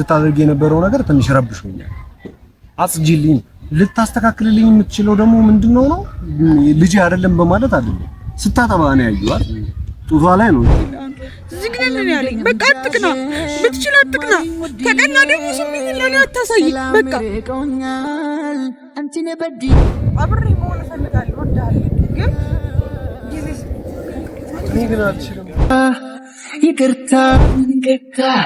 ልታደርግ የነበረው ነገር ትንሽ ረብሾኛል። አጽጅልኝ ልታስተካክልልኝ የምትችለው ደግሞ ምንድነው ነው ልጅ አይደለም በማለት አይደለም። ስታጠባ ነው ያዩዋል። ጡቷ ላይ ነው ዝግነልን ያለኝ። በቃ አትቅና፣ ብትችል አትቅና። ከቀና ደግሞ ስሜት ለኔ አታሳይ። በቃ በዲ አብሬ መሆን እፈልጋለሁ። ግን ይቅርታ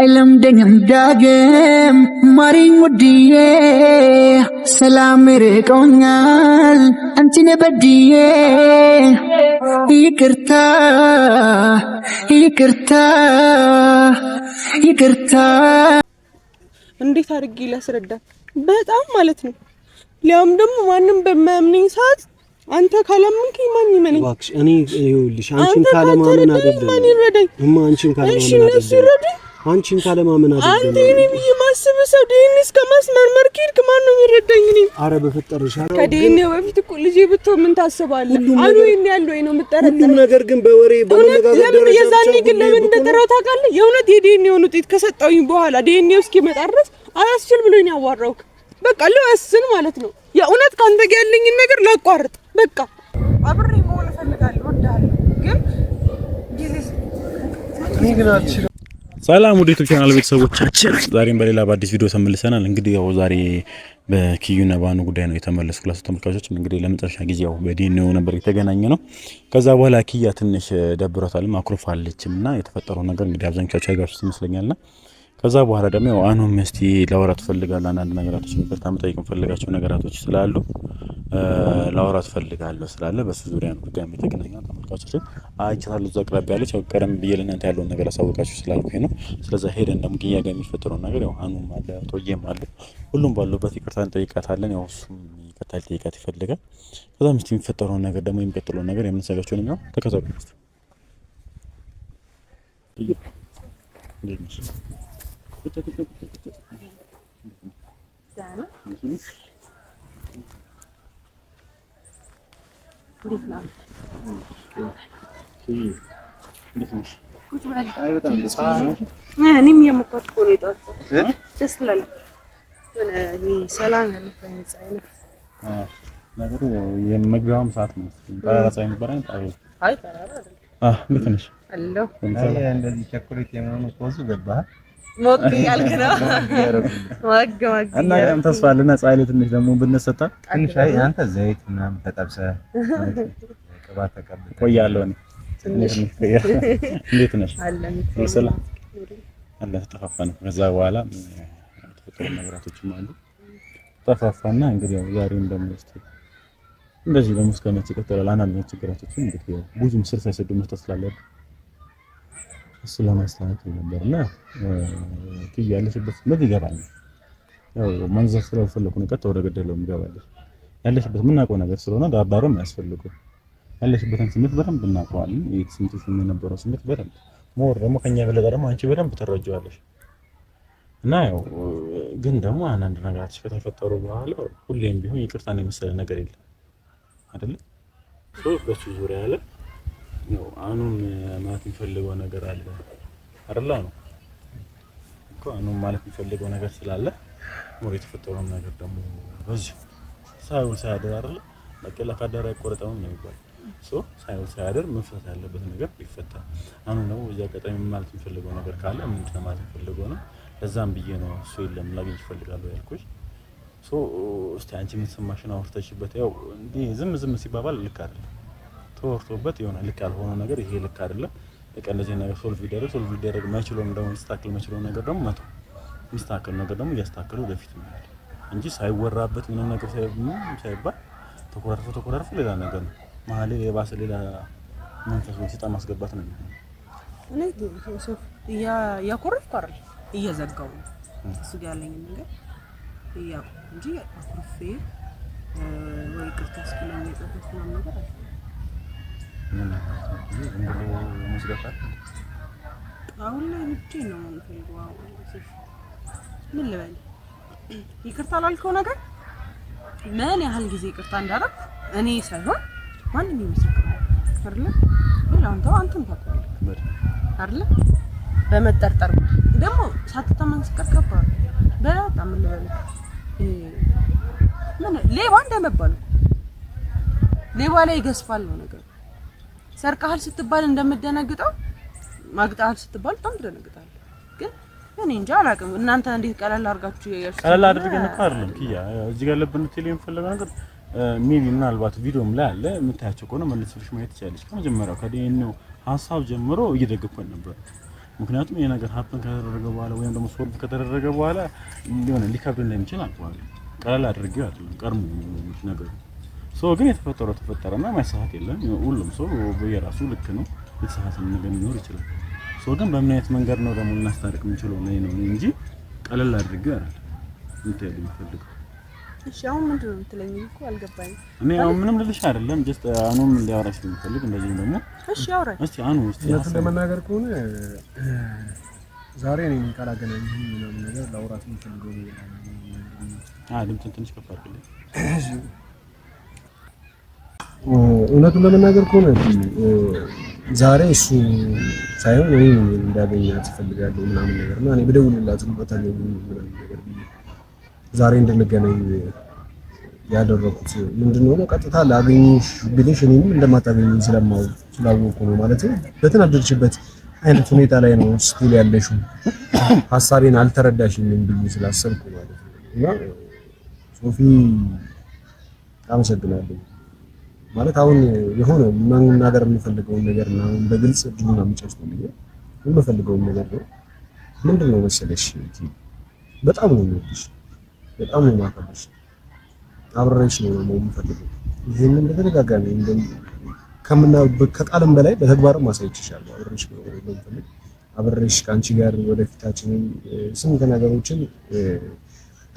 አይለምደኝም ዳግም ማሪኝ ውድዬ ሰላም ይርቆኛል አንቺን በድዬ ይቅርታ ይቅርታ ይቅርታ። እንዴት አድርጌ ላስረዳ? በጣም ማለት ነው። ሊያውም ደግሞ ማንም በማያምነኝ ሰዓት አንተ ካላመንክ ማን ይመነኝ? እባክሽ እኔ ይኸውልሽ፣ አንቺን ካለማመን አይደለም። ማን ይረዳኝ? እማ አንቺን ካለማመን አይደለም። እሺ እነሱ ይረዱኝ። አንቺን ካለማመን አይደለም። አንተ እኔ ብዬ ማስብ ሰው ዲኤንኤ እስከ ማስመርመር ከሄድክ ማን ነው የሚረዳኝ? እኔ ኧረ በፈጠረሽ አረ ከዲኤንኤ በፊት እኮ ልጄ ብትሆን ምን ታስባለህ? አሉ ይሄን ያለው ነው የምጠረጥረው። ሁሉም ነገር ግን በወሬ በመነጋገር ደረጃ የዛኔ ግን ለምን እንደጠራው ታውቃለህ? የእውነት የዲኤንኤውን ውጤት ከሰጠውኝ በኋላ ዲኤንኤ እስኪመጣ ድረስ አያስችል ብሎኝ ያዋራውክ። በቃ ልወስን ማለት ነው። የእውነት ካንተ ጋር ያለኝን ነገር ላቋርጥ በቃ አብሬ መሆን እፈልጋለሁ። ወዳለሁ ግን ጊዜ ሰላም ዩቲዩብ ቻናል ቤተሰቦቻችን፣ ዛሬም በሌላ በአዲስ ቪዲዮ ተመልሰናል። እንግዲህ ያው ዛሬ በኪዩና ባኑ ጉዳይ ነው የተመለስኩ። የተመለስኩላችሁ ተመልካቾች። እንግዲህ ለመጨረሻ ጊዜ ያው በዲኤንኤው ነበር የተገናኘ ነው። ከዛ በኋላ ኪያ ትንሽ ደብሮታል፣ አኩርፋለችም እና የተፈጠረው ነገር እንግዲህ አብዛኞቻችሁ አይጋችሁት ይመስለኛልና ከዛ በኋላ ደግሞ ያው አኑም እስቲ ላወራ ትፈልጋለህ አንዳንድ ነገራቶች ይቅርታ መጠየቅ ፈልጋቸው ነገራቶች ስላሉ ላውራ ፈልጋለሁ ስላለ በሱ ዙሪያ ነው ጉዳይ የተገናኘው። ተመልካቾች አይቻታለሁ። እዛ አቅራቢ ያለች ያው ቀደም ብዬ ለእናንተ ያለውን ነገር አሳወቃችሁ ስላልኩኝ ነው። ስለዛ ሄደን ደግሞ ግያ ጋር የሚፈጥረውን ነገር ያው አኑም አለ ቶዬም አለ ሁሉም ባሉበት ይቅርታ እንጠይቃታለን። ያው እሱም ይቅርታ ሊጠይቃት ይፈልጋል። ከዛ ምስት የሚፈጠረውን ነገር ደግሞ የሚቀጥለውን ነገር የምንሰጋቸውን ያው ተከታተሉ ስ እኔም የሞከርኩ ነው። የጠዋት ደስ ይላል። የመግቢያውም ሰዓት ነው። ጠራራ ፀሐይ ነበር። አይ ነሽ። እንደዚህ ቸኮሌት የመሆኑ ኮዙ ገባህ እና ተስፋ አለና ፀሐይ ላይ ትንሽ ደግሞ ብንሰጣ ትንሽ አይ አንተ ዘይት ምናምን ተጠብሰህ ቅባት ቆያለሁ እኔ እንዴት ነሽ አለ ተጠፋፋን ከዛ በኋላ ተፈጥሮ ነገራቶችም አሉ ተጠፋፋና እንግዲህ ያው ዛሬም ደግሞ እንደዚህ ደግሞ እስከ መቼ ይቀጥላል አንዳንድ እንግዲህ ብዙም ስር ሳይሰዱ መስጠት እሱ ለማስተካከል ነበር እና ያለሽበት ምን ይገባል። ያው ማንዛት ስላልፈለኩ ነው። ቀጥታ ወደ ገደለው የሚገባለሽ ያለሽበት የምናውቀው ነገር ስለሆነ ዳርዳሩ ያስፈልጉ ያለሽበትን ስሜት በደንብ እናውቀዋለን። ይህ ስሜት የነበረው ስሜት በደንብ ሞር ደግሞ ከኛ በለጠ ደግሞ አንቺ በደንብ ትረጃዋለሽ። እና ያው ግን ደግሞ አንዳንድ ነገራቶች ከተፈጠሩ በኋላ ሁሌም ቢሆን ይቅርታን የመሰለ ነገር የለም አይደለ በሱ ዙሪያ ያለ አኑን ማለት የሚፈልገው ነገር አለ አይደለ? ነው እኮ አኑን ማለት የሚፈልገው ነገር ስላለ ሞር የተፈጠረውን ነገር ደግሞ በዚህ ሳይሆን ሳያደር አይደለ? በቀላ ካደረ አይቆረጠም ነው የሚባል ሶ ሳይሆን ሳያደር መፍታት ያለበት ነገር ይፈታ። አኑን ደግሞ በዚህ አጋጣሚ ማለት የሚፈልገው ነገር ካለ ምንድን ነው ማለት የሚፈልገው ነው። ለዛም ብዬ ነው እሱ የለም ላገኝ ይፈልጋለሁ ያልኩሽ። ሶ እስቲ አንቺ ምን አውርተሽበት። ያው እንዲህ ዝም ዝም ሲባባል ልክ አይደለም ተወርቶበት የሆነ ልክ ያልሆነ ነገር ይሄ ልክ አይደለም፣ በቃ እንደዚህ ነገር ሶልቭ ይደረግ ሶልቭ ይደረግ መችሎም ደግሞ ሚስተካከል መችሎም ነገር ደግሞ መተው ሚስተካከል ነገር ደግሞ እያስተካከለ ወደፊት ነው እንጂ ሳይወራበት ምንም ነገር ሳይባል ተኮራርፎ ተኮራርፎ ሌላ ነገር ነው መሀል ላይ የባሰ ሌላ መንፈስ ሲጣ ማስገባት ነው የሚሆነው። እያኮረፍኩ አይደል እየዘጋው ነው እሱ ጋር ያለኝ ነገር እያ እንጂ አኩርፌ ወይ ቅርታ ስክለኛ ነገር ዝም ብሎ አሁን ላይ ነው ምን ልበል? ይቅርታ ላልከው ነገር ምን ያህል ጊዜ ይቅርታ እንዳደረግ እኔ ሳይሆን ማንም ይመስክራል አንተም ታውቀዋለህ በመጠርጠር ደግሞ ሳትታመን ስቀር ከባድ በጣም ልበል? ምን ሌባ እንደመባል ሌባ ላይ ይገዝፋል ነው ነገር ሰርቀሃል ስትባል እንደምደነግጠው ማግጣሃል ስትባል በጣም ትደነግጣለህ። ግን እኔ እንጃ አላውቅም። እናንተ እንዴት ቀለል አድርጋችሁ ያያችሁ? ቀለል አድርገን እኮ አይደለም ኪያ፣ እዚህ ጋር ልብ እንድትል የምፈልገው ነገር ሜቢ ምናልባት ቪዲዮም ላይ አለ የምታያቸው ከሆነ መለስልሽ ማየት ትችላለች። ከመጀመሪያው ከዲኤንኤው ሀሳብ ጀምሮ እየደገፈን ነበር። ምክንያቱም ይሄ ነገር ሀፕን ከተደረገ በኋላ ወይም ደግሞ ሶልቭ ከተደረገ በኋላ ሊሆነ ሊከብድ እንደሚችል አልኳለሁ። ቀለል አድርጌው አይደለም ቀድሞ ነገሩ ሰው ግን የተፈጠረው ተፈጠረና ማይሳሳት የለም። ሁሉም ሰው በየራሱ ልክ ነው፣ የተሳሳተም ነገር ሊኖር ይችላል። ሰው ግን በምን አይነት መንገድ ነው ደግሞ ልናስታርቅ የምንችለው ነው ነው እንጂ ቀለል አድርጌ አይደል እንትን የሚፈልገው። እሺ አሁን ምንድን ነው የምትለኝ? እኮ አልገባኝም። እኔ አሁን ምንም ልልሽ አይደለም፣ ጀስት አኑም እንዲያወራሽ የሚፈልግ እንደዚህ ደግሞ። እሺ አውራኝ እሺ አኑ። እስቲ ለመናገር ከሆነ ዛሬ እኔ ምን ቃል አገናኝ ምናምን ነገር ላውራት የምፈልገው ነው። አይ ድምፅህን ትንሽ ከፍ አድርግልኝ። እውነቱን ለመናገር ከሆነ ዛሬ እሱ ሳይሆን እኔ እንዳገኛት እፈልጋለሁ ምናምን ነገር እና እኔ ብደውልላት በታገኝ ምናምን ነገር ዛሬ እንድንገናኝ ያደረኩት ምንድን ነው ቀጥታ ላገኝሽ ብልሽ እኔም እንደማታገኝ ስለማው ስላወቁ ነው ማለት ነው። በተናደድሽበት አይነት ሁኔታ ላይ ነው ስትል ያለሽው ሀሳቤን አልተረዳሽኝም ብዬ ስላሰብኩ ማለት ነው እና ሶፊ አመሰግናለሁ። ማለት አሁን የሆነ መናገር የምፈልገውን ነገር ምናምን በግልጽ ነው አመቻችቶ ልየ የምፈልገውን ነገር ነው። ምንድን ነው መሰለሽ፣ በጣም ነው የሚወድሽ፣ በጣም ነው የማከብርሽ፣ አብረሽ ነው ነው የምፈልገው። ይህንን በተደጋጋሚ ከምና ከቃልም በላይ በተግባርም አሳይችሻለሁ። አብረሽ ነው የምፈልግ፣ አብረሽ ከአንቺ ጋር ወደፊታችንን ስንት ነገሮችን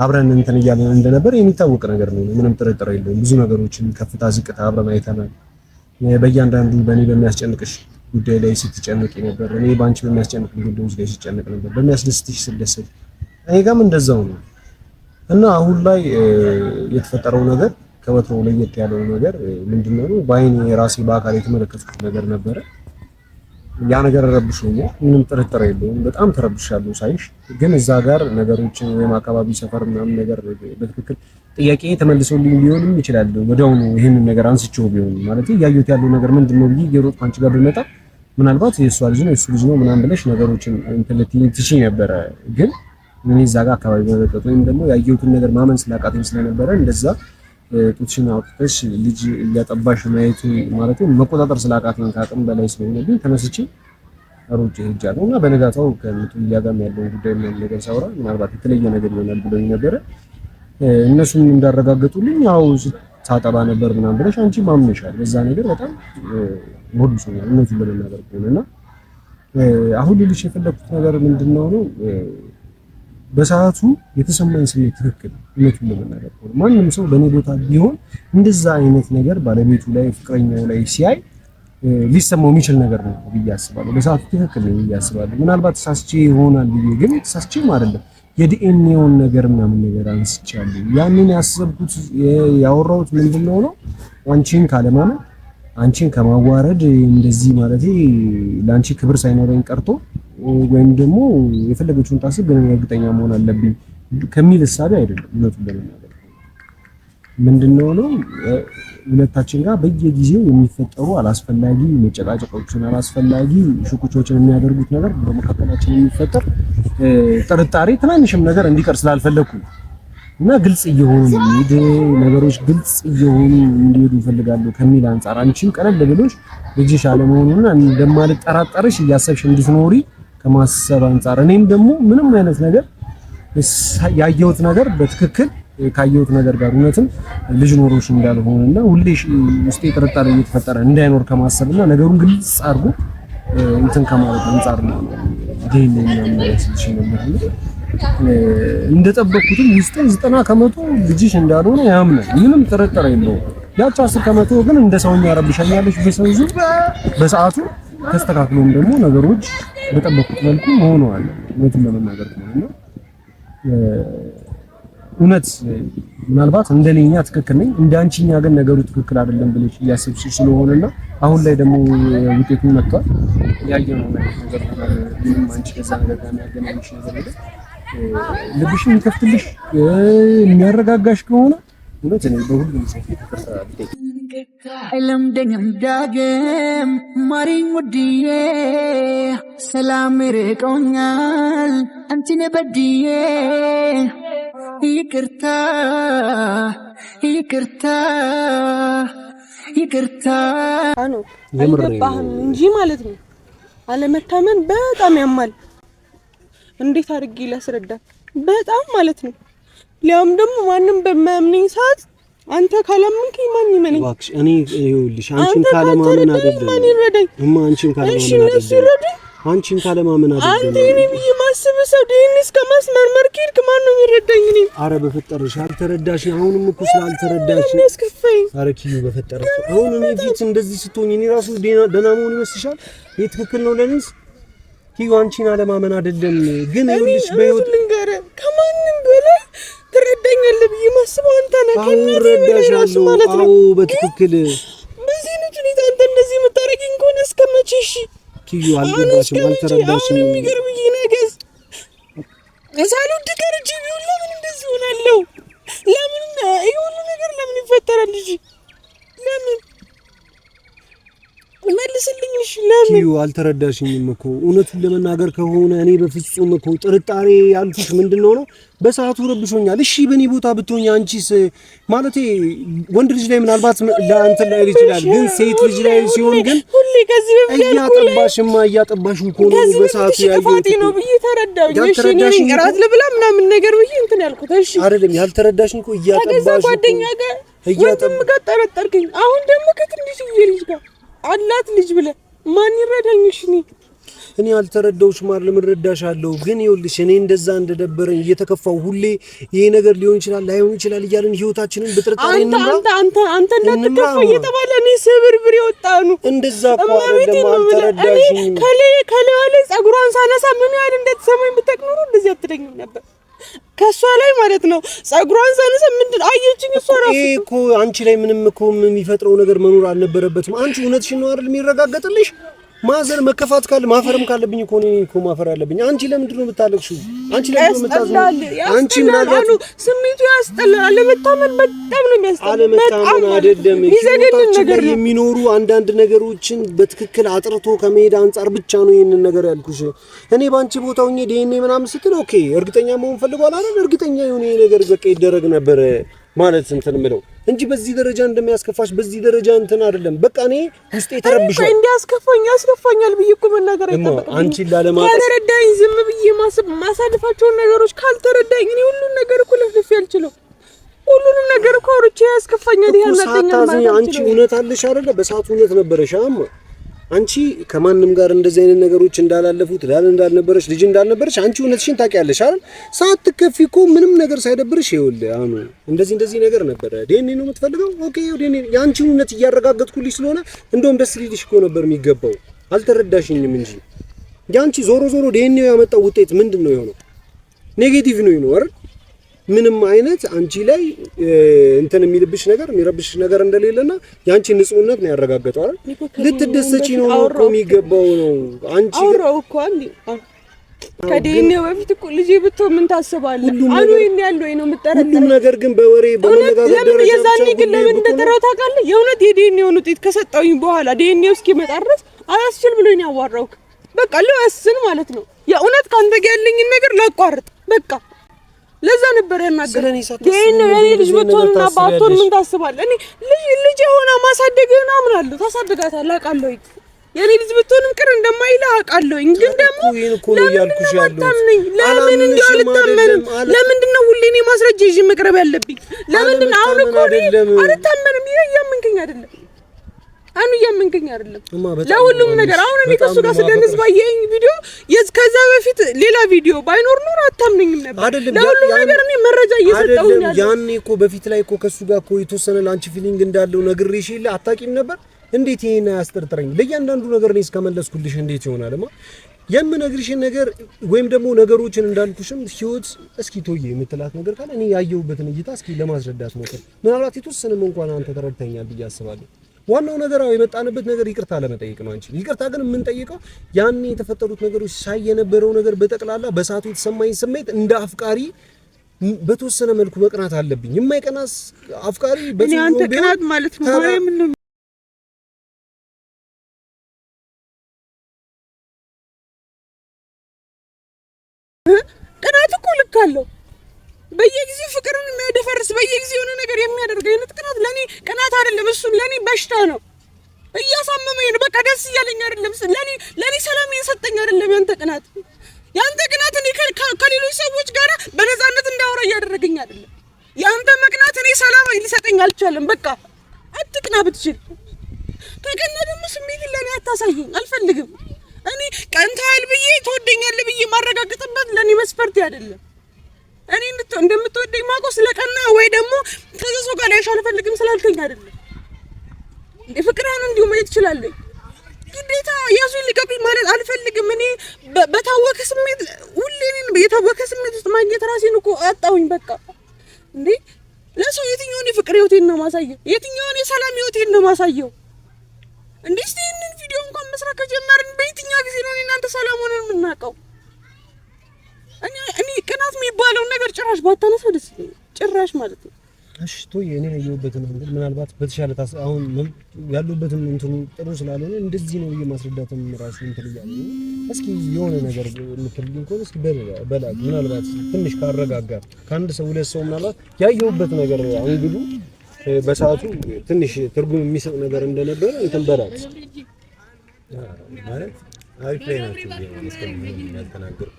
አብረን እንትን እያለን እንደነበር የሚታወቅ ነገር ነው። ምንም ጥርጥር የለውም። ብዙ ነገሮችን ከፍታ ዝቅታ አብረን አይተናል። በእያንዳንዱ በእኔ በሚያስጨንቅሽ ጉዳይ ላይ ስትጨንቅ ነበር፣ እኔ በአንቺ በሚያስጨንቅ ጉዳዮች ላይ ስጨንቅ ነበር፣ በሚያስደስትሽ ስደሰት፣ እኔ ጋም እንደዛው ነው እና አሁን ላይ የተፈጠረው ነገር ከወትሮው ለየት ያለው ነገር ምንድነው? በአይኔ የራሴ በአካል የተመለከትኩት ነገር ነበረ ያ ነገር ረብሾኛል፣ ምንም ጥርጥር የለውም። በጣም ተረብሻለሁ ሳይሽ፣ ግን እዛ ጋር ነገሮችን ወይም አካባቢ ሰፈር ምናምን ነገር በትክክል ጥያቄ ተመልሶልኝ ሊሆንም ይችላል። ወዲያውኑ ይህንን ነገር አንስቼው ቢሆን ማለት እያየሁት ያለው ነገር ምንድን ነው ብዬ የሮጥ አንቺ ጋር ብመጣ ምናልባት የእሷ ልጅ ነው የእሱ ልጅ ነው ምናምን ብለሽ ነገሮችን እንትልትኝ ትሽ ነበረ። ግን እኔ እዛ ጋር አካባቢ መበጠጥ ወይም ደግሞ ያየሁትን ነገር ማመን ስላቃተኝ ስለነበረ እንደዛ ጡትሽን አውጥተሽ ልጅ እያጠባሽ ማየቱ ማለት መቆጣጠር ስላቃት ነው፣ ከአቅም በላይ ስለሆነብኝ ተነስቼ ሩጭ ሄጃለሁ እና በነጋታው ከሚጡልያ ጋር ያለውን ጉዳይ ምን ነገር ሳውራ ምናልባት የተለየ ነገር ይሆናል ብሎኝ ነበረ። እነሱም እንዳረጋገጡልኝ ያው ሳጠባ ነበር ምናምን ብለሽ አንቺ ማምነሻል። በዛ ነገር በጣም ሞዱሶኛል እነቱን ለመናገር ከሆነ እና አሁን ልልሽ የፈለኩት ነገር ምንድን ነው ነው በሰዓቱ የተሰማኝ ስሜት ትክክል እውነቱን ለመናገር ማንም ሰው በእኔ ቦታ ቢሆን እንደዛ አይነት ነገር ባለቤቱ ላይ ፍቅረኛው ላይ ሲያይ ሊሰማው የሚችል ነገር ነው ብዬ አስባለሁ። በሰዓቱ ትክክል ነው ብዬ አስባለሁ። ምናልባት ሳስቼ ይሆናል ብዬ ግን ሳስቼም አይደለም የዲኤንኤውን ነገር ምናምን ነገር አንስቻለሁ። ያንን ያሰብኩት ያወራሁት ምንድነው ነው አንቺን ካለማመን አንቺን ከማዋረድ እንደዚህ ማለት ለአንቺ ክብር ሳይኖረኝ ቀርቶ ወይም ደግሞ የፈለገችውን ታስብ ግን እርግጠኛ መሆን አለብኝ ከሚል እሳቤ አይደለም። እውነቱን ለመናገር ምንድነው ነው ሁለታችን ጋር በየጊዜው የሚፈጠሩ አላስፈላጊ መጨቃጨቆችን፣ አላስፈላጊ ሽኩቻዎችን የሚያደርጉት ነገር በመካከላችን የሚፈጠር ጥርጣሬ ትናንሽም ነገር እንዲቀር ስላልፈለግኩ እና ግልጽ እየሆኑ እንደ ነገሮች ግልጽ እየሆኑ እንዲሄዱ እፈልጋለሁ ከሚል አንጻር አንቺም ቀለል ብሎሽ ልጅሽ አለመሆኑና እንደማልጠራጠርሽ እያሰብሽ እንድትኖሪ ከማሰብ አንጻር እኔም ደግሞ ምንም አይነት ነገር ያየሁት ነገር በትክክል ካየሁት ነገር ጋር እውነትም ልጅ ኖሮሽ እንዳልሆነና ሁሌ ውስጤ ጥርጣሬ እየተፈጠረ እንዳይኖር ከማሰብና ነገሩን ግልጽ አድርጎ እንትን ከማለት አንጻር ነው። ነበር። እንደጠበኩትም ውስጤ ዘጠና ከመቶ ልጅሽ እንዳልሆነ ያምናል። ምንም ጥርጥር የለውም። ያቺ አስር ከመቶ ግን እንደ ሰውኛ ረብሻኛለሽ በሰው በሰዓቱ ተስተካክሎም ደግሞ ነገሮች በጠበቁት መልኩ አለ። እውነቱን ለመናገር ከሆነ እውነት ምናልባት እንደኔኛ ትክክል ነኝ፣ እንዳንቺኛ ግን ነገሩ ትክክል አይደለም ብለሽ እያሰብሽ ስለሆነና አሁን ላይ ደግሞ ውጤቱን መጥቷል ያየነው ነገር ምንም አንቺ ከዛ ነገር ጋር ነገር ልብሽን የሚከፍትልሽ የሚያረጋጋሽ ከሆነ እውነት በሁሉም ሰው አይለምደኝም ዳግም ማሪኝ ውድዬ ሰላም ይርቀውኛል አንቺን በድዬ ይቅርታ ይቅርታ ይቅርታ አይገባህም እንጂ ማለት ነው። አለመታመን በጣም ያማል። እንዴት አድርጌ ላስረዳ? በጣም ማለት ነው። ሊያውም ደግሞ ማንም በማያምነኝ ሰዓት አንተ ካላመንክ ማን ይመነኝ? እባክሽ እኔ ይኸውልሽ፣ አንቺን ካለማመን አይደለም። ማን ይረዳኝ? እማ አንቺን ካለማመን አይደለም። አንቺን ካለማመን አይደለም። አንተ እኔ ብዬ ማስብ ሰው ዲኒ እስከ ማስመርመር ኪድክ ማን ነው የሚረዳኝ? እኔ አረ በፈጠረሽ አልተረዳሽ። አሁንም እኮ ስላልተረዳሽ ያስከፋኝ። አረ ኪዩ በፈጠረሽ አሁን እኔ ፊት እንደዚህ ስትሆኝ እኔ ራሱ ደህና መሆን ይመስልሻል? ይሄ ትክክል ነው ለኔስ? ኪዩ አንቺን አለማመን አይደለም ግን ይኸውልሽ በይወት ልንገረ ከማንም በላይ ትረዳኛለህ ብዬ ማስበው አንተ ነህ። ከእናቴ ማለት ነው። በትክክል በዚህ አይነት ሁኔታ አንተ እንደዚህ የምታደርገኝ ከሆነ እስከ መቼ? እሺ ኪዩ አልገባሽም፣ አልተረዳሽም። የሚገርምኝ ነገር ሳልወድ ቀርቼ ቢሆን ለምን እንደዚህ ሆናለሁ? ለምን ይሄ ነገር ለምን ይፈጠራል? እሺ ለምን መልስልኝ። እሺ ለምን አልተረዳሽኝም? እኮ እውነቱን ለመናገር ከሆነ እኔ በፍጹም እኮ ጥርጣሬ ያልኩሽ ምንድን ነው ነው በሰዓቱ ረብሾኛል። እሺ በእኔ ቦታ ብትሆኝ አንቺስ፣ ማለቴ ወንድ ልጅ ላይ ምናልባት ለአንተ ላይ ይችላል፣ ግን ሴት ልጅ ላይ ሲሆን ግን እያጠባሽማ እያጠባሽ እኮ ነው በሰዓቱ ያየሁት ነው ብዬ ተረዳሁኝ። እሺ እኔ እራት ልብላ ምናምን ነገር ብዬ እንትን ያልኩት እሺ አይደለም ያልተረዳሽኝ እኮ እያጠባሽ ጓደኛ ጋር ወንድም ጋር ጠረጠርክኝ። አሁን ደግሞ ከትንሽ ልጅ ጋር አላት ልጅ ብለህ ማን ይረዳኝሽ? እኔ እኔ አልተረዳሁሽም አይደለም አለው። ግን ይኸውልሽ እኔ እንደዛ እንደደበረኝ እየተከፋው ሁሌ ይሄ ነገር ሊሆን ይችላል ላይሆን ይችላል እያልን ህይወታችንን በጥርጣሬ እንምራ። አንተ አንተ አንተ እንዳትከፋ እየተባለ እኔ ብር የወጣ ነው። እንደዛ እኮ አይደለም። አልተረዳሽኝም። ከላይ ከላይ ፀጉሯን ሳነሳ ምን ያህል እንደተሰማኝ ብታውቅ እንደዚህ አትደኝም ነበር። ከእሷ ላይ ማለት ነው ጸጉሯን ሳነሰ ምንድን አየችኝ። እሷ ራሱ እኮ አንቺ ላይ ምንም እኮ የሚፈጥረው ነገር መኖር አልነበረበትም። አንቺ እውነትሽን ነው አይደል የሚረጋገጥልሽ ማዘር መከፋት ካለ ማፈርም ካለብኝ እኮ እኔ እኮ ማፈር አለብኝ። አንቺ ለምንድን ነው የምታለቅሽው? አንቺ ለምንድን ነው የምታዝነው? አንቺ ምናልባት ስሜቱ ያስጠላል። አለመታመን በጣም ነው የሚያስጠላው። አለመታመን አይደለም የሚዘገንን ነገር ነው የሚኖሩ አንዳንድ ነገሮችን በትክክል አጥርቶ ከመሄድ አንጻር ብቻ ነው ይህንን ነገር ያልኩሽ። እኔ በአንቺ ቦታ ሆኜ ዲኤንኤ ምናምን ስትል ኦኬ እርግጠኛ መሆን ፈልጓል አይደል? እርግጠኛ የሆነ ነገር በቃ ይደረግ ነበር ማለት እንትን ምለው እንጂ በዚህ ደረጃ እንደሚያስከፋሽ በዚህ ደረጃ እንትን አይደለም። በቃ እኔ ውስጤ ተረብሻል። እንዲያስከፋኝ ያስከፋኛል ብዬ እኮ መናገር አይጠበቅም። አንቺን ላለማጣት ካልረዳኝ ዝም ብዬ ማሰብ ማሳልፋቸውን ነገሮች ካልተረዳኝ እኔ ሁሉን ነገር እኮ ለፍልፌ አልችለው ሁሉንም ነገር እኮ አውርቼ ያስከፋኛል። ያናደኛል ማለት አንቺ እውነት አለሽ አይደለ? በሰዓቱ እውነት ነበረሽ አማ አንቺ ከማንም ጋር እንደዚህ አይነት ነገሮች እንዳላለፉ ትዳር እንዳልነበረች ልጅ እንዳልነበረች አንቺ እውነትሽን ታውቂያለሽ አይደል? ሳትከፊ እኮ ምንም ነገር ሳይደብርሽ ይኸውልህ፣ አሁን እንደዚህ እንደዚህ ነገር ነበረ። ዲኤንኤ ነው የምትፈልገው? ኦኬ፣ ዲኤንኤ የአንቺን እውነት እያረጋገጥኩልሽ ስለሆነ እንደውም ደስ ሊልሽ እኮ ነበር የሚገባው። አልተረዳሽኝም እንጂ የአንቺ ዞሮ ዞሮ ዲኤንኤው ያመጣው ውጤት ምንድን ነው የሆነው? ኔጌቲቭ ነው ይኖር ምንም አይነት አንቺ ላይ እንትን የሚልብሽ ነገር የሚረብሽ ነገር እንደሌለና የአንቺ ንጹህነት ነው ያረጋገጠው አይደል? ልትደሰቺ ነው እኮ የሚገባው ነው። አንቺ አውራው እኮ አንዴ ከዲኔ በፊት እኮ ልጄ ብትሆን ምን ታስባለህ? አሉ ይሄን ያለው ወይ ነው የምጠረጥረው። ሁሉም ነገር ግን በወሬ በመነጋገር ደረጃ የዛኔ ግን ለምን እንደጠራው ታውቃለህ? የእውነት የዲኔውን ውጤት ከሰጠውኝ በኋላ ዲኔው እስኪመጣ ድረስ አያስችል ብሎኝ ያዋራውክ። በቃ ልወስን ማለት ነው። የእውነት ካንተ ጋር ያለኝን ነገር ላቋርጥ በቃ ለዛ ነበር ያናገረኝ። ይሄን የኔ ልጅ ብትሆንና ባትሆን ምን ታስባለህ? እኔ ልጅ ልጅ የሆነ ምን አምናለሁ። ታሳድጋታለህ፣ አውቃለሁ። የኔ ልጅ ብትሆንም ቅር እንደማይልህ አውቃለሁ። ግን ደግሞ ለምን አታምነኝ? ለምን እንደው አልታመንም? ለምንድን ነው ሁሌ እኔ ማስረጃ ይዤ መቅረብ ያለብኝ? ለምንድን አሁን እኮ እኔ አልታመንም። ይሄ እያመንከኝ አይደለም አኑ እያመንከኝ አይደለም ለሁሉም ነገር። አሁን እኔ ከሱ ጋር ስደንስ ባየኝ ቪዲዮ ከዛ በፊት ሌላ ቪዲዮ ባይኖር ኖር አታምነኝም ነበር። ለሁሉም ነገር እኔ መረጃ እየሰጠውኛል። ያኔ እኮ በፊት ላይ እኮ ከሱ ጋር እኮ የተወሰነ ለአንቺ ፊሊንግ እንዳለው ነግሬሽ የለ አታቂም ነበር። እንዴት ይሄን አያስጠርጥረኝ? ለእያንዳንዱ ነገር እኔ እስከመለስኩልሽ እንዴት ይሆናልማ የምነግርሽን ነገር ወይም ደግሞ ነገሮችን እንዳልኩሽም ህይወት እስኪ ቶዬ የምትላት ነገር ካለ እኔ ያየሁበትን እይታ እስኪ ለማስረዳት ሞክር። ምናልባት የተወሰነም እንኳን አንተ ተረድተኛል ብዬ አስባለሁ። ዋናው ነገር የመጣንበት ነገር ይቅርታ ለመጠየቅ ነው። አንቺ ይቅርታ ግን የምንጠይቀው ያኔ የተፈጠሩት ነገሮች ሳይ የነበረው ነገር በጠቅላላ በሰዓቱ የተሰማኝ ስሜት እንደ አፍቃሪ በተወሰነ መልኩ መቅናት አለብኝ። የማይቀናስ አፍቃሪ አንተ ቅናት ማለት ነው። ቅናት እኮ ልክ አለው በየጊዜው ፍቅር ቢያንስ በየጊዜ የሆነ ነገር የሚያደርገው አይነት ቅናት ለኔ ቅናት አይደለም፣ እሱ ለኔ በሽታ ነው። እያሳመመኝ ነው። በቃ ደስ እያለኝ አይደለም። ለኔ ለኔ ሰላም እየሰጠኝ አይደለም ያንተ ቅናት። ያንተ ቅናት እኔ ከሌሎች ሰዎች ጋር በነፃነት እንዳወራ እያደረገኝ አይደለም። ያንተ መቅናት እኔ ሰላም ሊሰጠኝ አልቻለም። በቃ አትቅና ብትችል። ከቀና ደግሞ ስሜትን ለእኔ አታሳየኝ፣ አልፈልግም። እኔ ቀንተሃል ብዬ ትወደኛለህ ብዬ ማረጋግጥበት ለእኔ መስፈርት አይደለም። እኔ እንደምትወደኝ ማቆ ስለቀና ወይ ደግሞ ከዚህ ሰው ጋር ላይሽ አልፈልግም ስላልከኝ አይደለም እንዴ? ፍቅራን እንዲሁ ማየት ይችላል። ግዴታ ያዙ ልቀቁኝ ማለት አልፈልግም። እኔ በታወከ ስሜት ሁሌ የታወከ ስሜት ውስጥ ማግኘት ራሴን እኮ አጣሁኝ። በቃ እንዴ ለሰው የትኛውን የፍቅር ህይወቴን ነው ማሳየው? የትኛውን የሰላም ህይወቴን ነው ማሳየው? እንዴ እስቲ ይህንን ቪዲዮ እንኳን መስራት ከጀመርን በየትኛው ጊዜ ነው እናንተ ሰላም ሆነን የምናውቀው? እኔ ቅናት የሚባለውን ነገር ጭራሽ ባታነሳው ደስ ይለኛል። ጭራሽ ማለት ነው። እሺ ቶዬ፣ እኔ ያየሁበትን መንገድ ምናልባት በተሻለ አሁን ያለሁበትን እንትኑ ጥሩ ስላልሆነ እንደዚህ ነው የማስረዳትም ራሱ እንትን እያለ እስኪ የሆነ ነገር የምትልኝ ከሆነ እስኪ በላ ምናልባት ትንሽ ካረጋጋት ከአንድ ሰው ሁለት ሰው ምናልባት ያየሁበት ነገር አንግዱ በሰዓቱ ትንሽ ትርጉም የሚሰጥ ነገር እንደነበረ እንትን በላት ማለት አሪፍ ላይ ናቸው ያስተናገርኩት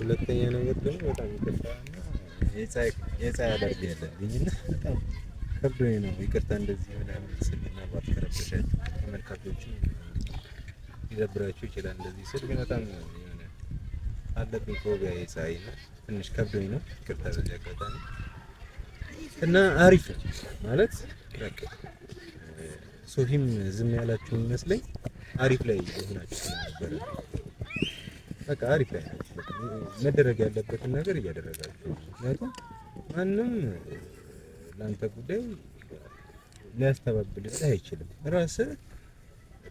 ሁለተኛ ነገር ደግሞ በጣም ይከፋና የፀሐይ አለርጂ ያለብኝ እና በጣም ከብዶኝ ነው። ይቅርታ እንደዚህ ምናምን ስልና ባት ከረበሻችሁ ተመልካቾችን ሊደብራችሁ ይችላል። እንደዚህ ስል ግን በጣም የሆነ አለብኝ ፎቢያ የፀሐይ እና ትንሽ ከብዶኝ ነው። ይቅርታ በዚህ አጋጣሚ እና አሪፍ ማለት በቃ ሶፊም ዝም ያላችሁ ይመስለኝ አሪፍ ላይ ሆናችሁ ነበረ በቃ አሪፍ ላይ መደረግ ያለበትን ነገር እያደረጋችሁ፣ ምክንያቱም ማንም ለአንተ ጉዳይ ሊያስተባብልህ አይችልም። ራስህ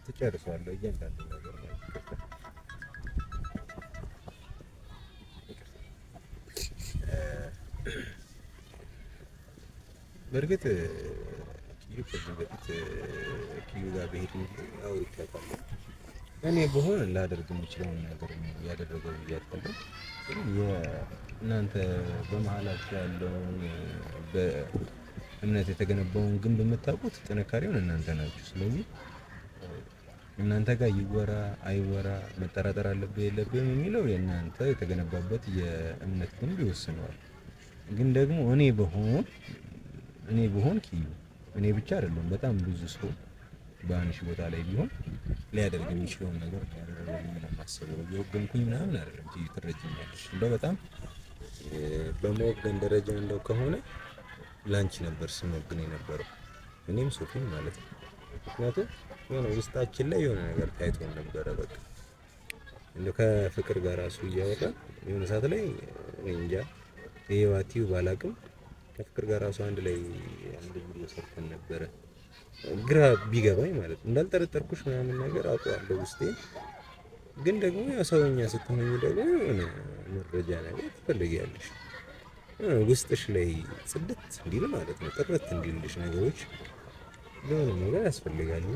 ትጨርሰዋለህ እያንዳንዱ ነገር ማለት ነው። በእርግጥ ኪዩ ከዚህ በፊት ኪዩ ጋር ብሄድ አውርቻታለሁ እኔ በሆን ላደርግ የምችለውን ነገር ያደረገው ብያለሁ። እናንተ በመሀላችሁ ያለውን በእምነት የተገነባውን ግንብ የምታውቁት ጥንካሬውን እናንተ ናችሁ። ስለዚህ እናንተ ጋር ይወራ አይወራ መጠራጠር አለብህ የለብህም የሚለው የእናንተ የተገነባበት የእምነት ግንብ ይወስነዋል። ግን ደግሞ እኔ በሆን እኔ በሆን ኪዩ እኔ ብቻ አይደለም በጣም ብዙ ሰው በአንሽ ቦታ ላይ ቢሆን ሊያደርግ የሚችለውን ነገር ያደረገልኝ ማሰበው የወገንኩኝ ምናምን አይደለም እ ትረጅኛለሽ እንደው በጣም በመወገን ደረጃ እንደው ከሆነ ላንች ነበር ስመግን የነበረው እኔም ሶፊን ማለት ነው። ምክንያቱም የሆነ ውስጣችን ላይ የሆነ ነገር ታይቶ ነበረ። በቃ እንደው ከፍቅር ጋር እሱ እያወራ የሆነ ሰዓት ላይ እንጃ ይሄ ባቲው ባላቅም ከፍቅር ጋር እሱ አንድ ላይ አንድ ቪዲዮ ሰርተን ነበረ። ግራ ቢገባኝ ማለት ነው እንዳልጠረጠርኩሽ ምናምን ነገር አውቀዋለሁ ውስጤ ግን ደግሞ ያው ሰውኛ ስትሆኝ ደግሞ የሆነ መረጃ ነገር ትፈልጊያለሽ ውስጥሽ ላይ ጽድት እንዲል ማለት ነው ጥረት እንዲልሽ ነገሮች ለሆነ ነገር ያስፈልጋሉ።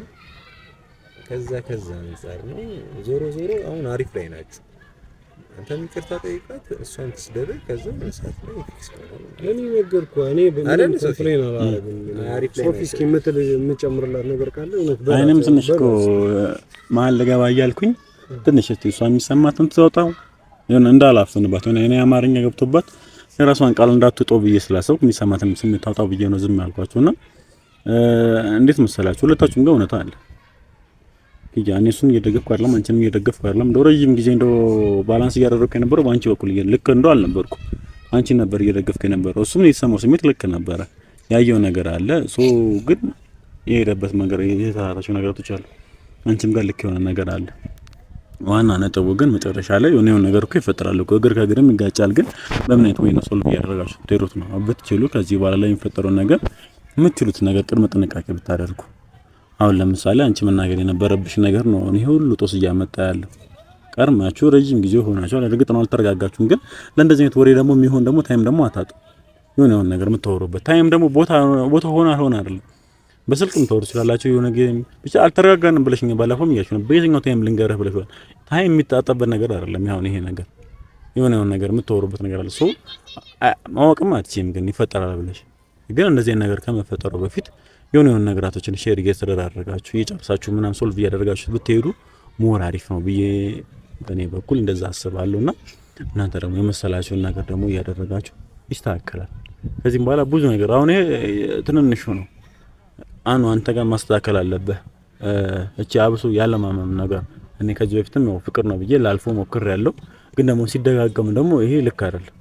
ከዛ ከዛ አንጻር ነው ዞሮ ዞሮ አሁን አሪፍ ላይ ናችሁ አንተም ይቅርታ ጠይቃት፣ እሷን ትስደበ ከዛ መሳት ላይ እኔ በምን ኮምፕሌን አላረግም። ሶፊ እስኪ የምትል የምጨምርላት ነገር ካለ እውነት አይንም ትንሽ እኮ መሀል ልገባ እያልኩኝ ትንሽ እስቲ እሷ የሚሰማትን ትወጣው ይሁን እንዳላፍንባት ሆነ እኔ አማርኛ ገብቶባት የራሷን ቃል እንዳትጦ ብዬ ስላሰብኩ የሚሰማትን ስሜት ታውጣው ብዬ ነው ዝም ያልኳችሁና እንዴት መሰላችሁ ሁለታችሁም ጋር እውነታ አለ ያኔ እሱን እየደገፍኩ አይደለም፣ አንቺንም እየደገፍኩ አይደለም። እንደው ረዥም ጊዜ እንደው ባላንስ እያደረግኩ የነበረው በአንቺ በኩል ልክ እንደው አልነበርኩ፣ አንቺ ነበር እየደገፍኩ የነበረው። እሱም የተሰማው ስሜት ልክ ነበረ። ያየው ነገር አለ ሶ ግን የሄደበት ነገር የተሳሳታቸው ነገራቶች አሉ። አንቺም ጋር ልክ የሆነ ነገር አለ። ዋና ነጥቡ ግን መጨረሻ ላይ የሆነ ነገር እኮ ይፈጠራል እኮ እግር ከእግርም ይጋጫል። ግን በምን አይነት ወይ ነው ሶልቭ እያደረጋችሁ ትሄዱት ነው ብትችሉ ከዚህ በኋላ ላይ የሚፈጠረውን ነገር የምትችሉት ነገር ቅድመ ጥንቃቄ ብታደርጉ አሁን ለምሳሌ አንቺ መናገር የነበረብሽ ነገር ነው። እኔ ሁሉ ጦስ እያመጣ ያለው ቀርማችሁ ረጅም ጊዜ ሆናችኋል። እርግጥ ነው አልተረጋጋችሁም፣ ግን ለእንደዚህ አይነት ወሬ ደግሞ የሚሆን ደግሞ ታይም ደግሞ አታጡ። የሆነ የሆነ ነገር የምታወሩበት ታይም ደግሞ ቦታ ቦታ ሆነ አልሆነ አይደለም። በስልክ የምታወሩ ትችላላችሁ። የሆነ ጌም ብቻ አልተረጋጋንም ብለሽኝ ባለፈውም እያችሁ ነው። በየትኛው ታይም ልንገርህ ብለሽዋል። ታይም የሚጣጣበት ነገር አይደለም። ያሁን ይሄ ነገር የሆነ የሆነ ነገር የምታወሩበት ነገር አለ። ሶ ማወቅም አትችይም፣ ግን ይፈጠራል ብለሽ ግን እንደዚህ ነገር ከመፈጠሩ በፊት የሆነ የሆን ነገራቶችን ሼር እየተደራረጋችሁ እየጨርሳችሁ ምናም ሶልቭ እያደረጋችሁ ብትሄዱ ሞር አሪፍ ነው ብዬ በእኔ በኩል እንደዛ አስባለሁ። እና እናንተ ደግሞ የመሰላችሁን ነገር ደግሞ እያደረጋችሁ ይስተካከላል። ከዚህም በኋላ ብዙ ነገር አሁን ትንንሹ ነው አኑ አንተ ጋር ማስተካከል አለብህ። እቺ አብሶ ያለማመም ነገር እኔ ከዚህ በፊትም ያው ፍቅር ነው ብዬ ላልፎ ሞክር ያለው ግን ደግሞ ሲደጋገም ደግሞ ይሄ ልክ አይደለም።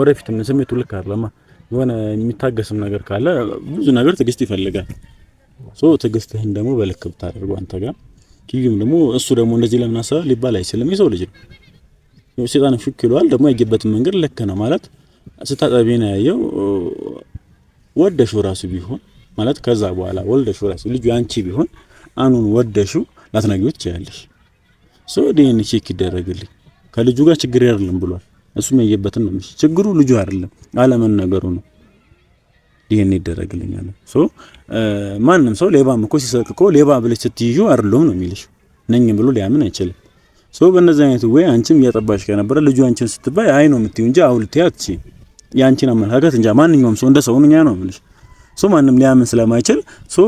ወደፊትም ስሜቱ ልክ አይደለም። የሆነ የሚታገስም ነገር ካለ ብዙ ነገር ትግስት ይፈልጋል። ሶ ትዕግስትህን ደግሞ በልክ ብታደርጉ አንተ ጋር ኪዩም ደግሞ እሱ ደግሞ እንደዚህ ለምን አሰበ ሊባል አይችልም። የሰው ልጅ ነው። ሴጣን ሹክ ይለዋል። ደግሞ ያየበትን መንገድ ልክ ነው ማለት ስታጠቢ ነው ያየው ወደሹ ራሱ ቢሆን ማለት ከዛ በኋላ ወልደሹ ራሱ ልጁ ያንቺ ቢሆን አኑን ወደሹ ላትናጊዎች ያለሽ ሶ ዲኤንኤ ቼክ ይደረግልኝ ከልጁ ጋር ችግር አይደለም ብሏል። እሱም ያየበትን ነው። ችግሩ ልጁ አይደለም ነገሩ ነው። ይሄን ይደረግልኛል። ሶ ማንም ሰው ሌባ እኮ ሲሰርቅ እኮ ሌባ ብለሽ ስትይዩ አይደለም ነው የሚልሽ ነኝ ብሎ ሊያምን አይችልም። ሶ በእነዚህ አይነት ወይ አንቺም እያጠባሽ ከነበረ ልጁ አንቺን ስትባይ አይ ነው የምትይው እንጂ አውልቲያት እቺ የአንቺን አመለካከት እንጂ ማንኛውም ሰው እንደ ሰው ነው ነው የሚልሽ ሶ ማንም ሊያምን ስለማይችል ሶ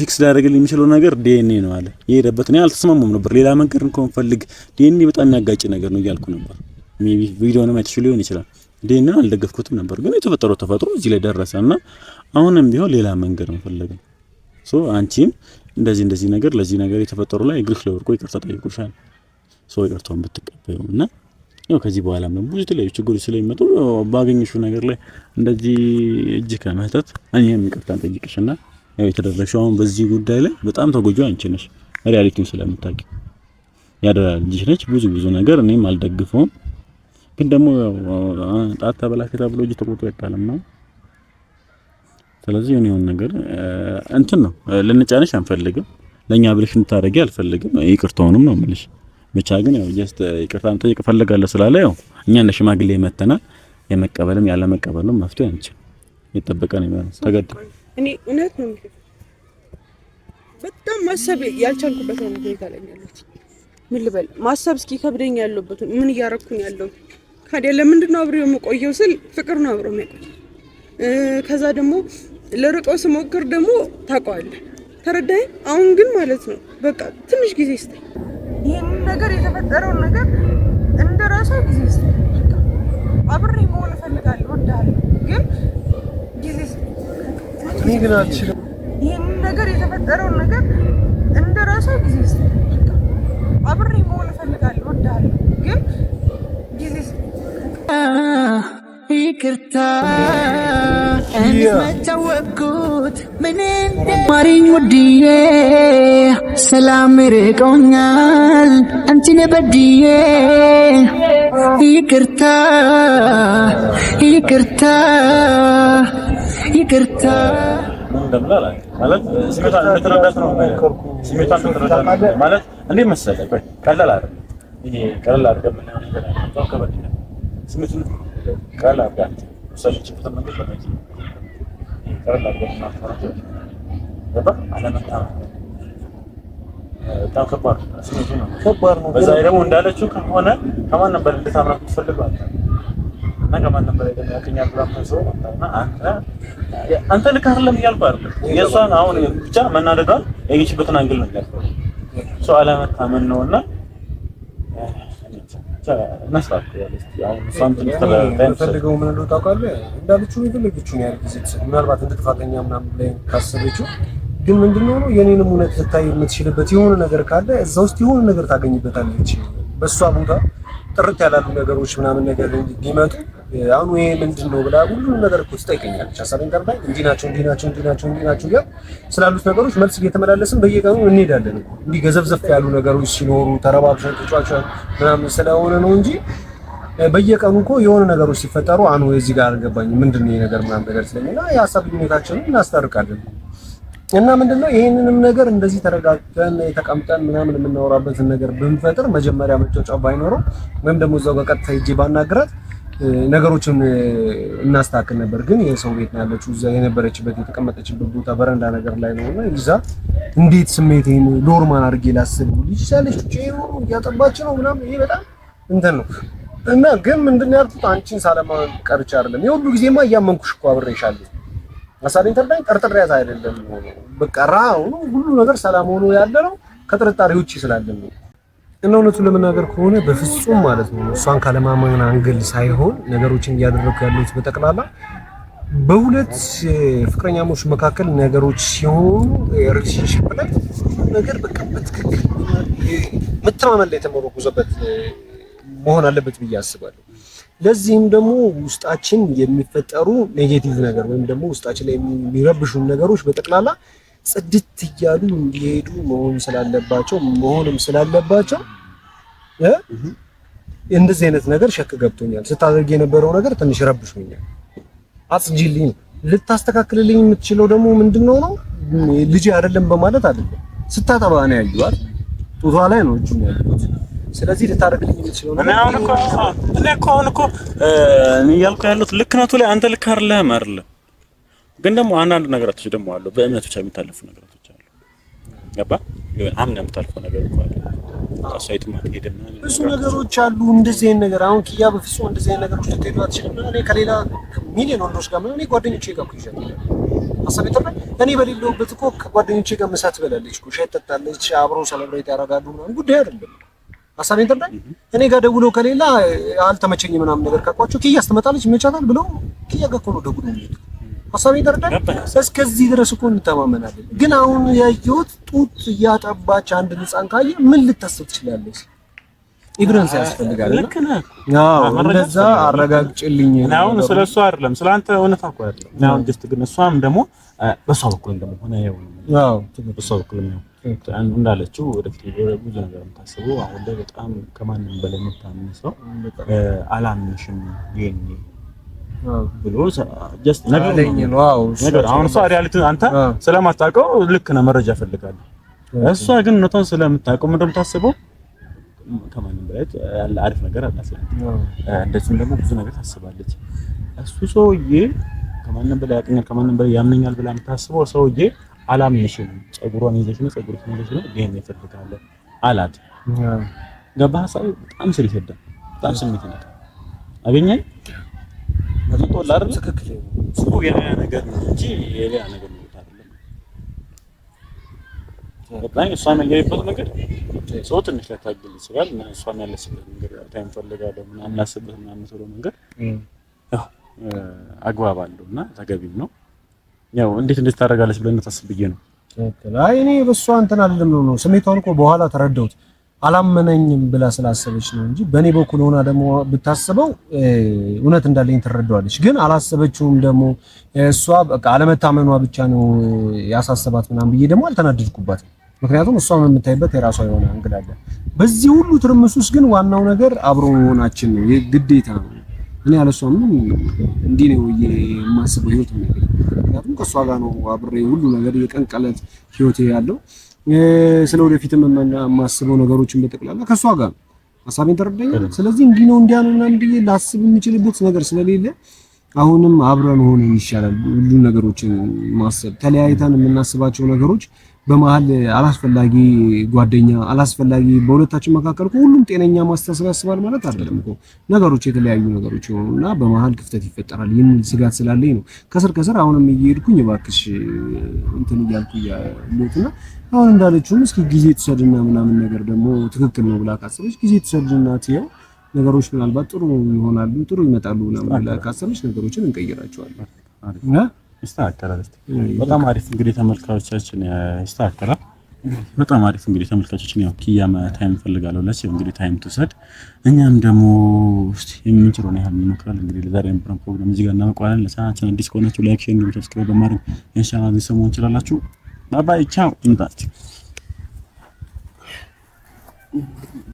ፊክስ ሊያደርግልኝ የሚችለው ነገር ዲኤንኤ ነው አለ። የሄደበት እኔ አልተስማማም ነበር። ሌላ መንገድ እንኳን ፈልግ ዲኤንኤ በጣም ያጋጭ ነገር ነው እያልኩ ነበር። ሜቢ ቪዲዮንም አይተሽ ሊሆን ይችላል። ዴና አልደገፍኩትም ነበር፣ ግን የተፈጠረው ተፈጥሮ እዚህ ላይ ደረሰ እና አሁንም ቢሆን ሌላ መንገድ መፈለግ ሶ አንቺም እንደዚህ እንደዚህ ነገር ለዚህ ነገር የተፈጠሩ ላይ እግርሽ ላይ ወድቆ ይቅርታ ጠይቆሻል። ሶ ይቅርታውን ብትቀበዩ እና ያው ከዚህ በኋላ ምን ብዙ የተለያዩ ችግሮች ስለሚመጡ ባገኘሽው ነገር ላይ እንደዚህ እጅ ከመህተት እኔም ይቅርታን ጠይቅሽና ያው የተደረግሽው አሁን በዚህ ጉዳይ ላይ በጣም ተጎጂው አንቺ ነሽ። ሪያሊቲውን ስለምታውቂ ያደራ ልጅ ነች። ብዙ ብዙ ነገር እኔም አልደግፈውም ግን ደግሞ ጣት ተበላሽ ተብሎ እጅ ተቆርጦ አይጣልም ነው። ስለዚህ የሆነ ነገር እንትን ነው ልንጫነሽ አንፈልግም። ለእኛ ብለሽ እንታረጊ አልፈልግም። ይቅርታውንም ነው የምልሽ። ብቻ ግን ያው ጀስት ይቅርታ እንጠይቅ እፈልጋለሁ ስላለ ያው እኛ እንደ ሽማግሌ መተናል። የመቀበልም ያለ መቀበልም መፍትሄ አንቺ የጠበቀ ይመስል ማለት ተገድ እኔ እውነት ነው በጣም ማሰብ ያልቻልኩበት ነው። ምን ልበል ማሰብ እስኪ ከብደኝ ያለሁበት ምን እያረኩኝ ያለው ካዲያ ለምንድን ነው አብሮ የምቆየው ስል ፍቅር ነው አብሮ የሚቆይ። ከዛ ደግሞ ለርቆ ስሞክር ደግሞ ታውቀዋለህ፣ ተረዳይ አሁን ግን ማለት ነው በቃ ትንሽ ጊዜ ስታይ ይህን ነገር የተፈጠረውን ነገር እንደ ራሷ ጊዜ ስታይ አብሬ መሆን እፈልጋለሁ፣ ወዳለ ግን ጊዜ ስታይ ግን አልችልም። ይህን ነገር የተፈጠረውን ነገር እንደ ራሷ ጊዜ ስታይ አብሬ መሆን እፈልጋለሁ ይቅርታ እንድመጫወቅኩት ምን ማሪኝ ውድዬ ሰላም ርቆኛል አንቺን በድዬ ይቅርታ ይቅርታ ይቅርታ ማለት እንዴት መሰለህ ቀለል አይደለም። ይሄ ቀለል አይደለም። ቀለል አድርጋት የወሰደችበትን መንገድ በመኪ ቀለል አድርጋት ማፈራት ገባህ። አለመታመን በጣም ከባድ ስሜቱ ነው፣ ከባድ ነው። በዛ ደግሞ እንዳለችው ከሆነ ከማን ነበር እንድታምራ የምትፈልገው አንተ እና ከማን ነበር ደግሞ ያገኛል ብላ የምታስበው እና አንተ ልክ አይደለም እያልኩህ አይደለም። የእሷን አሁን ብቻ መናደዷን ያየችበትን አንግል ነው ያልኩህ። ሰው አለመታመን ነውና ፈልገው ምን እንደው ታውቃለህ፣ እንዳለችው የፈለገችው ያህል ጊዜ ምናልባት እንደ ጥፋተኛ ምናምን ላይ ካሰበችው ግን ምንድነው የኔንም እውነት ልታይ የምትችልበት የሆነ ነገር ካለ እዛ ውስጥ የሆነ ነገር ታገኝበታለች። በእሷ ቦታ ጥርት ያላሉ ነገሮች ምናምን ነገር ሊመጡ አሁን ወይ ምንድን ነው ብላ ሁሉም ነገር እኮ ትጠይቀኛለች። ሀሳቤን ቀርታ እንዲህ ናቸው እንዲህ ናቸው እንዲህ ናቸው እንዲህ ናቸው እያል ስላሉት ነገሮች መልስ እየተመላለስን በየቀኑ እንሄዳለን። እንዲህ ገዘፍዘፍ ያሉ ነገሮች ሲኖሩ ተረባብሸን ተጫዋቿን ምናምን ስለሆነ ነው እንጂ በየቀኑ እኮ የሆነ ነገሮች ሲፈጠሩ አኑ እዚህ ጋር አልገባኝ ምንድን ነው ነገር ምናምን ነገር ስለሚል የሀሳብ ግንኙነታችንን እናስታርቃለን። እና ምንድነው ይህንንም ነገር እንደዚህ ተረጋግተን የተቀምጠን ምናምን የምናወራበትን ነገር ብንፈጥር መጀመሪያ መጫወጫ ባይኖረው ወይም ደግሞ እዛው ጋር ቀጥታ ሂጄ ባናግራት ነገሮችን እናስተካክል ነበር። ግን የሰው ቤት ነው ያለችው። እዛ የነበረችበት የተቀመጠችበት ቦታ በረንዳ ነገር ላይ ነው እና እዛ እንዴት ስሜቴን ኖርማል አድርጌ ላስብ ልጅ ሳለች ጭ እያጠባች ነው ምናምን ይሄ በጣም እንትን ነው እና ግን ምንድን ያልኩት አንቺን ሳለማመን ቀርቼ አይደለም። የሁሉ ጊዜማ እያመንኩሽ እኮ አብሬሻለሁ። አሳለኝ ተርዳኝ ጠርጥሬያት አይደለም። በቃ ራ ሁሉ ነገር ሰላም ሆኖ ያለ ነው ከጥርጣሬ ውጭ ስላለ ነው እና እውነቱን ለመናገር ከሆነ በፍጹም ማለት ነው እሷን ካለማመን አንግል ሳይሆን ነገሮችን እያደረጉ ያሉት በጠቅላላ በሁለት ፍቅረኛሞች መካከል ነገሮች ሲሆኑ ሪሌሽንሽፕ ላይ ነገር በቃ በትክክል መተማመን ላይ የተመረኮዘበት መሆን አለበት ብዬ አስባለሁ። ለዚህም ደግሞ ውስጣችን የሚፈጠሩ ኔጌቲቭ ነገር ወይም ደግሞ ውስጣችን ላይ የሚረብሹን ነገሮች በጠቅላላ ጽድት እያሉ እንዲሄዱ መሆን ስላለባቸው መሆንም ስላለባቸው እንደዚህ አይነት ነገር ሸክ ገብቶኛል። ስታደርግ የነበረው ነገር ትንሽ ረብሾኛል። አጽጂልኝ ልታስተካክልልኝ የምትችለው ደግሞ ምንድነው ነው ልጅ አይደለም በማለት አይደለም። ስታጠባ ነው ያዩዋል። ጡቷ ላይ ነው እጁ ያሉት። ስለዚህ ልታደርግልኝ የምትችለው ነገር አሁን እኮ እኔ እኮ አሁን እኮ እያልኩ ያሉት ልክ ላይ አንተ ልክ አይደለህም አይደለም ግን ደግሞ አንዳንድ ነገራቶች ደግሞ አሉ፣ በእምነት ብቻ የሚታለፉ ነገራቶች አሉ። ገባ አምና የምታልፈው ነገር እኮ አለ። ብዙ ነገሮች አሉ እንደዚህ አይነት ነገር። አሁን ኪያ በፍጹም እንደዚህ አይነት ነገሮች ልትሄዱ አትችልም። እኔ ከሌላ ሚሊዮን ወንዶች ጋር ምን እኔ ጓደኞቼ ጋር እኮ ይዣታለሁ። አሰብ ይተርፈ እኔ በሌለሁበት እኮ ጓደኞቼ ጋር ምሳ ትበላለች እኮ ሻይ ትጠጣለች፣ አብረው ሰለብሬት ያደርጋሉ ምናምን። ጉዳይ አይደለም ሀሳብ ይተርፈ እኔ ጋር ደውለው ከሌላ አልተመቸኝ ምናምን ነገር ካቋቸው ኪያ ስትመጣለች ይመቻታል ብለው ኪያ ጋር እኮ ነው ደውለው የሚሄዱት ሀሳብ ይደርዳል። እስከዚህ ድረስ እኮ እንተማመናለን። ግን አሁን ያየሁት ጡት እያጠባች አንድ ህፃን ካየ ምን ልታስብ ትችላለች? ኢብረንስ ያስፈልጋል። ልክ ነህ። እንደዛ አረጋግጭልኝ። አሁን ስለ እሷ አይደለም ስለ አንተ እውነት እኮ አይደለም። አሁን ጀስት ግን እሷም ደግሞ በሷ በኩል ሆነ ያው አዎ በሷ በኩል ነው እንዳለችው ወደፊት ብዙ ነገር የምታስበው አሁን ላይ በጣም ከማንም በላይ የምታምነው ሰው አላምንሽም ይሄን ብሎ ጀስት አንተ ስለማታውቀው ልክ ነው መረጃ ፈልጋለሁ። እሷ ግን እውነቷን ስለምታውቀው ምንድን ነው የምታስበው? ከማንም በላይ ያለ አሪፍ ነገር አላት። እንደዚሁም ደግሞ ብዙ ነገር ታስባለች። እሱ ሰውዬ ከማንም በላይ ያውቀኛል፣ ከማንም በላይ ያምነኛል ብላ የምታስበው ሰውዬ አላምንሽም፣ ፀጉሯን ይዘሽ ነው ፀጉርሽ ይዘሽ ነው ይሄን ይፈልጋለሁ አላት። ገባህ? ሀሳቤ በጣም ስር ይሰዳል። በጣም ስሜት ይነካል። አገኘን ነገር ነው ነገር ነው ነገር ሰው ትንሽ ታይም ፈልጋለሁ መንገድ አግባብ አለው እና ተገቢም ነው። ያው እንዴት እንዴት ታደርጋለች ብለን ታስብዬ ነው። አይ እኔ በእሷ እንትን አይደለም ነው ስሜቷን እኮ በኋላ ተረዳሁት። አላመነኝም ብላ ስላሰበች ነው እንጂ በእኔ በኩል ሆና ደግሞ ብታስበው እውነት እንዳለኝ ትረዳዋለች። ግን አላሰበችውም። ደግሞ እሷ በቃ አለመታመኗ ብቻ ነው ያሳሰባት ምናምን ብዬ ደግሞ አልተናደድኩባትም። ምክንያቱም እሷም የምታይበት የራሷ የሆነ እንግዳ አለ። በዚህ ሁሉ ትርምስ ውስጥ ግን ዋናው ነገር አብሮ መሆናችን ነው፣ ግዴታ ነው። እኔ ያለሷ ምን እንዲህ ነው የማስበው ህይወት ነው። ምክንያቱም ከእሷ ጋር ነው አብሬ ሁሉ ነገር የቀንቀለት ህይወቴ ያለው ስለ ወደፊትም የማስበው ነገሮችን በጠቅላላ ከእሷ ጋር ነው ሀሳቤን ተረዳኝ። ስለዚህ እንዲህ ነው እንዲያ ነው ምናምን ብዬ ላስብ የምችልበት ነገር ስለሌለ አሁንም አብረን ሆነ ይሻላል። ሁሉ ነገሮችን ማሰብ ተለያይተን የምናስባቸው ነገሮች በመሀል አላስፈላጊ ጓደኛ አላስፈላጊ በሁለታችን መካከል ሁሉም ጤነኛ ማስተሳሰብ ያስባል ማለት አይደለም እኮ ነገሮች የተለያዩ ነገሮች እና በመሀል ክፍተት ይፈጠራል የሚል ስጋት ስላለኝ ነው ከስር ከስር አሁንም እየሄድኩኝ እባክሽ እንትን እያልኩ እያሉትና አሁን እንዳለችውም እስኪ ጊዜ ትሰድና ምናምን ነገር ደግሞ ትክክል ነው ብላ ካሰበች ጊዜ ትሰድና ትየው ነገሮች ምናልባት ጥሩ ይሆናሉ፣ ጥሩ ይመጣሉ ምናምን ብላ ካሰበች ነገሮችን እንቀይራቸዋለን እና ይስተካከላል። በጣም አሪፍ እንግዲህ ተመልካቾቻችን ይስተካከላል። በጣም አሪፍ እንግዲህ ተመልካቾችን ያው ኪያ ታይም ፈልጋለሁ ለስ እንግዲህ ታይም ትውሰድ። እኛም ደግሞ እስቲ የምንችለውን ያህል እንሞክራለን። እንግዲህ ለዛሬ የነበረን ፕሮግራም እዚህ ጋር እናበቃዋለን። ለቻናችን አዲስ ከሆናችሁ ላይክ፣ ሼር፣ ሰብስክራይብ በማድረግ ኢንሻአላህ ሊሰሙ እንችላላችሁ። Bye bye. Ciao. In that.